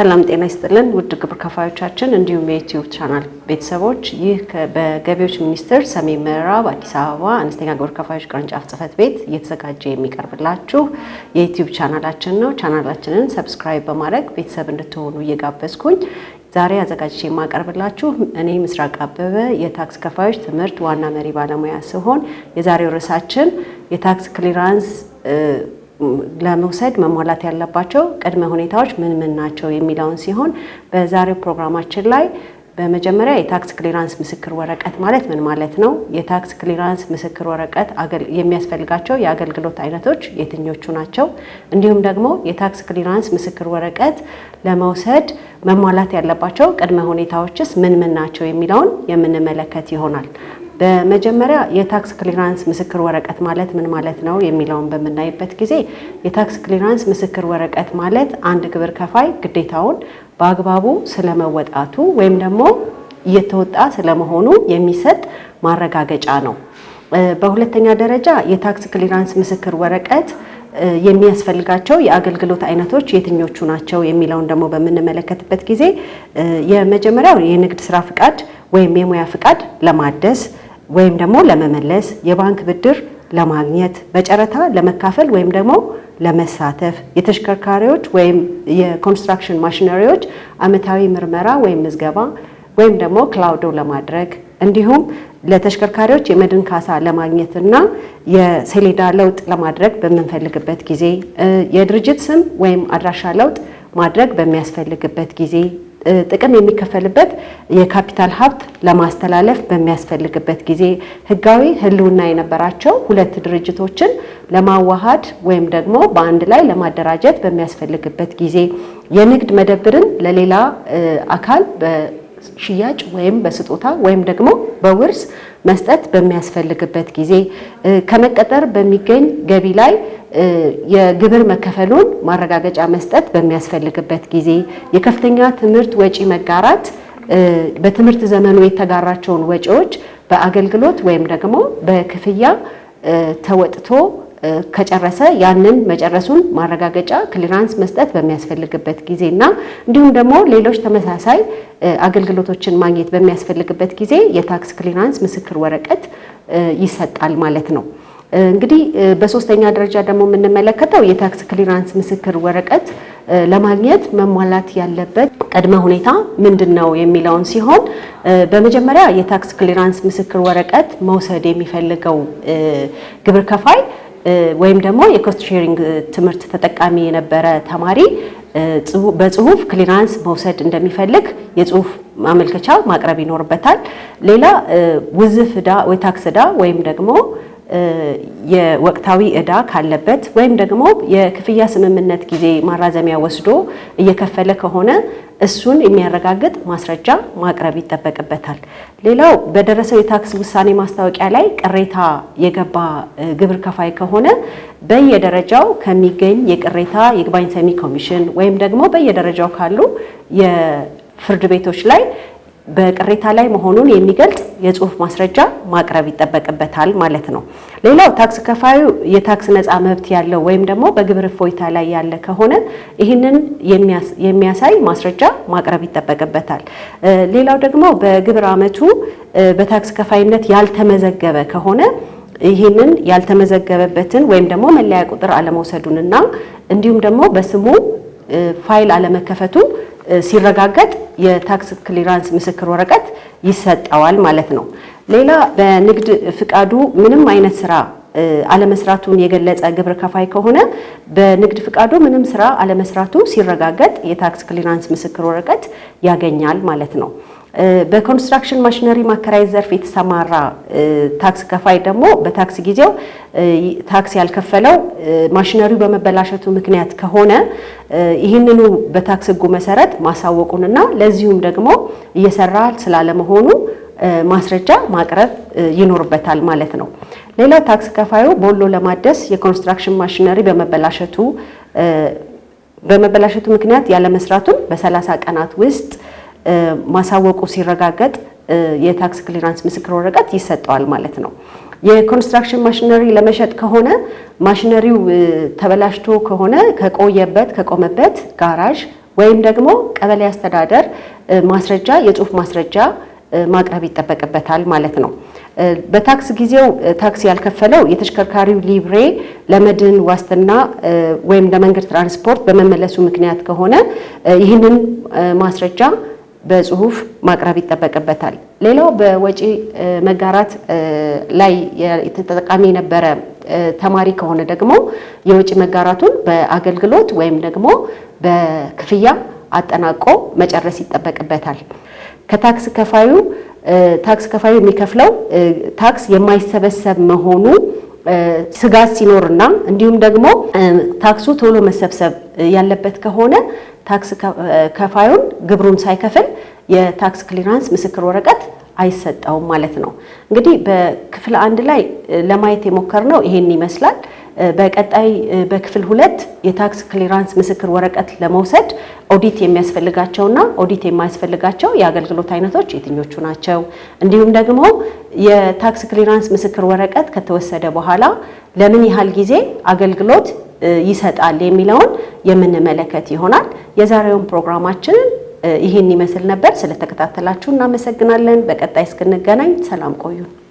ሰላም ጤና ይስጥልን ውድ ግብር ከፋዮቻችን እንዲሁም የዩቲዩብ ቻናል ቤተሰቦች፣ ይህ በገቢዎች ሚኒስቴር ሰሜን ምዕራብ አዲስ አበባ አነስተኛ ግብር ከፋዮች ቅርንጫፍ ጽሕፈት ቤት እየተዘጋጀ የሚቀርብላችሁ የዩቲዩብ ቻናላችን ነው። ቻናላችንን ሰብስክራይብ በማድረግ ቤተሰብ እንድትሆኑ እየጋበዝኩኝ ዛሬ አዘጋጅቼ የማቀርብላችሁ እኔ ምስራቅ አበበ የታክስ ከፋዮች ትምህርት ዋና መሪ ባለሙያ ሲሆን የዛሬው ርዕሳችን የታክስ ክሊራንስ ለመውሰድ መሟላት ያለባቸው ቅድመ ሁኔታዎች ምን ምን ናቸው የሚለውን ሲሆን በዛሬው ፕሮግራማችን ላይ በመጀመሪያ የታክስ ክሊራንስ ምስክር ወረቀት ማለት ምን ማለት ነው? የታክስ ክሊራንስ ምስክር ወረቀት የሚያስፈልጋቸው የአገልግሎት አይነቶች የትኞቹ ናቸው? እንዲሁም ደግሞ የታክስ ክሊራንስ ምስክር ወረቀት ለመውሰድ መሟላት ያለባቸው ቅድመ ሁኔታዎችስ ምን ምን ናቸው የሚለውን የምንመለከት ይሆናል። በመጀመሪያ የታክስ ክሊራንስ ምስክር ወረቀት ማለት ምን ማለት ነው የሚለውን በምናይበት ጊዜ የታክስ ክሊራንስ ምስክር ወረቀት ማለት አንድ ግብር ከፋይ ግዴታውን በአግባቡ ስለመወጣቱ ወይም ደግሞ እየተወጣ ስለመሆኑ የሚሰጥ ማረጋገጫ ነው። በሁለተኛ ደረጃ የታክስ ክሊራንስ ምስክር ወረቀት የሚያስፈልጋቸው የአገልግሎት አይነቶች የትኞቹ ናቸው የሚለውን ደግሞ በምንመለከትበት ጊዜ የመጀመሪያው የንግድ ስራ ፍቃድ ወይም የሙያ ፍቃድ ለማደስ ወይም ደግሞ ለመመለስ የባንክ ብድር ለማግኘት በጨረታ ለመካፈል ወይም ደግሞ ለመሳተፍ የተሽከርካሪዎች ወይም የኮንስትራክሽን ማሽነሪዎች አመታዊ ምርመራ ወይም ምዝገባ ወይም ደግሞ ክላውዶ ለማድረግ እንዲሁም ለተሽከርካሪዎች የመድን ካሳ ለማግኘትና የሰሌዳ ለውጥ ለማድረግ በምንፈልግበት ጊዜ የድርጅት ስም ወይም አድራሻ ለውጥ ማድረግ በሚያስፈልግበት ጊዜ ጥቅም የሚከፈልበት የካፒታል ሀብት ለማስተላለፍ በሚያስፈልግበት ጊዜ ህጋዊ ህልውና የነበራቸው ሁለት ድርጅቶችን ለማዋሃድ ወይም ደግሞ በአንድ ላይ ለማደራጀት በሚያስፈልግበት ጊዜ የንግድ መደብርን ለሌላ አካል ሽያጭ ወይም በስጦታ ወይም ደግሞ በውርስ መስጠት በሚያስፈልግበት ጊዜ ከመቀጠር በሚገኝ ገቢ ላይ የግብር መከፈሉን ማረጋገጫ መስጠት በሚያስፈልግበት ጊዜ የከፍተኛ ትምህርት ወጪ መጋራት በትምህርት ዘመኑ የተጋራቸውን ወጪዎች በአገልግሎት ወይም ደግሞ በክፍያ ተወጥቶ ከጨረሰ ያንን መጨረሱን ማረጋገጫ ክሊራንስ መስጠት በሚያስፈልግበት እና እንዲሁም ደግሞ ሌሎች ተመሳሳይ አገልግሎቶችን ማግኘት በሚያስፈልግበት ጊዜ የታክስ ክሊራንስ ምስክር ወረቀት ይሰጣል ማለት ነው። እንግዲህ በሶስተኛ ደረጃ ደግሞ የምንመለከተው የታክስ ክሊራንስ ምስክር ወረቀት ለማግኘት መሟላት ያለበት ቅድመ ሁኔታ ምንድን ነው የሚለውን ሲሆን በመጀመሪያ የታክስ ክሊራንስ ምስክር ወረቀት መውሰድ የሚፈልገው ግብር ከፋይ ወይም ደግሞ የኮስት ሼሪንግ ትምህርት ተጠቃሚ የነበረ ተማሪ በጽሁፍ ክሊራንስ መውሰድ እንደሚፈልግ የጽሁፍ ማመልከቻ ማቅረብ ይኖርበታል። ሌላ ውዝፍ እዳ ወይ ታክስ እዳ ወይም ደግሞ የወቅታዊ እዳ ካለበት ወይም ደግሞ የክፍያ ስምምነት ጊዜ ማራዘሚያ ወስዶ እየከፈለ ከሆነ እሱን የሚያረጋግጥ ማስረጃ ማቅረብ ይጠበቅበታል። ሌላው በደረሰው የታክስ ውሳኔ ማስታወቂያ ላይ ቅሬታ የገባ ግብር ከፋይ ከሆነ በየደረጃው ከሚገኝ የቅሬታ ይግባኝ ሰሚ ኮሚሽን ወይም ደግሞ በየደረጃው ካሉ የፍርድ ቤቶች ላይ በቅሬታ ላይ መሆኑን የሚገልጽ የጽሁፍ ማስረጃ ማቅረብ ይጠበቅበታል ማለት ነው። ሌላው ታክስ ከፋዩ የታክስ ነፃ መብት ያለው ወይም ደግሞ በግብር እፎይታ ላይ ያለ ከሆነ ይህንን የሚያሳይ ማስረጃ ማቅረብ ይጠበቅበታል። ሌላው ደግሞ በግብር ዓመቱ በታክስ ከፋይነት ያልተመዘገበ ከሆነ ይህንን ያልተመዘገበበትን ወይም ደግሞ መለያ ቁጥር አለመውሰዱንና እንዲሁም ደግሞ በስሙ ፋይል አለመከፈቱ ሲረጋገጥ የታክስ ክሊራንስ ምስክር ወረቀት ይሰጠዋል ማለት ነው። ሌላ በንግድ ፍቃዱ ምንም አይነት ስራ አለመስራቱን የገለጸ ግብር ከፋይ ከሆነ በንግድ ፍቃዱ ምንም ስራ አለመስራቱ ሲረጋገጥ የታክስ ክሊራንስ ምስክር ወረቀት ያገኛል ማለት ነው። በኮንስትራክሽን ማሽነሪ ማከራይ ዘርፍ የተሰማራ ታክስ ከፋይ ደግሞ በታክስ ጊዜው ታክስ ያልከፈለው ማሽነሪው በመበላሸቱ ምክንያት ከሆነ ይህንኑ በታክስ ሕጉ መሰረት ማሳወቁንና ለዚሁም ደግሞ እየሰራ ስላለመሆኑ ማስረጃ ማቅረብ ይኖርበታል ማለት ነው። ሌላው ታክስ ከፋዩ ቦሎ ለማደስ የኮንስትራክሽን ማሽነሪ በመበላሸቱ በመበላሸቱ ምክንያት ያለመስራቱን በ30 ቀናት ውስጥ ማሳወቁ ሲረጋገጥ የታክስ ክሊራንስ ምስክር ወረቀት ይሰጠዋል ማለት ነው። የኮንስትራክሽን ማሽነሪ ለመሸጥ ከሆነ ማሽነሪው ተበላሽቶ ከሆነ ከቆየበት ከቆመበት ጋራዥ ወይም ደግሞ ቀበሌ አስተዳደር ማስረጃ የጽሁፍ ማስረጃ ማቅረብ ይጠበቅበታል ማለት ነው። በታክስ ጊዜው ታክስ ያልከፈለው የተሽከርካሪው ሊብሬ ለመድን ዋስትና ወይም ለመንገድ ትራንስፖርት በመመለሱ ምክንያት ከሆነ ይህንን ማስረጃ በጽሁፍ ማቅረብ ይጠበቅበታል። ሌላው በወጪ መጋራት ላይ ተጠቃሚ የነበረ ተማሪ ከሆነ ደግሞ የወጪ መጋራቱን በአገልግሎት ወይም ደግሞ በክፍያ አጠናቆ መጨረስ ይጠበቅበታል። ከታክስ ከፋዩ ታክስ ከፋዩ የሚከፍለው ታክስ የማይሰበሰብ መሆኑ ስጋት ሲኖርና እንዲሁም ደግሞ ታክሱ ቶሎ መሰብሰብ ያለበት ከሆነ ታክስ ከፋዩን ግብሩን ሳይከፍል የታክስ ክሊራንስ ምስክር ወረቀት አይሰጠውም ማለት ነው። እንግዲህ በክፍል አንድ ላይ ለማየት የሞከርነው ይሄን ይመስላል። በቀጣይ በክፍል ሁለት የታክስ ክሊራንስ ምስክር ወረቀት ለመውሰድ ኦዲት የሚያስፈልጋቸውና ኦዲት የማያስፈልጋቸው የአገልግሎት አይነቶች የትኞቹ ናቸው፣ እንዲሁም ደግሞ የታክስ ክሊራንስ ምስክር ወረቀት ከተወሰደ በኋላ ለምን ያህል ጊዜ አገልግሎት ይሰጣል የሚለውን የምንመለከት ይሆናል። የዛሬውን ፕሮግራማችንን ይህን ይመስል ነበር። ስለተከታተላችሁ እናመሰግናለን። በቀጣይ እስክንገናኝ ሰላም ቆዩን።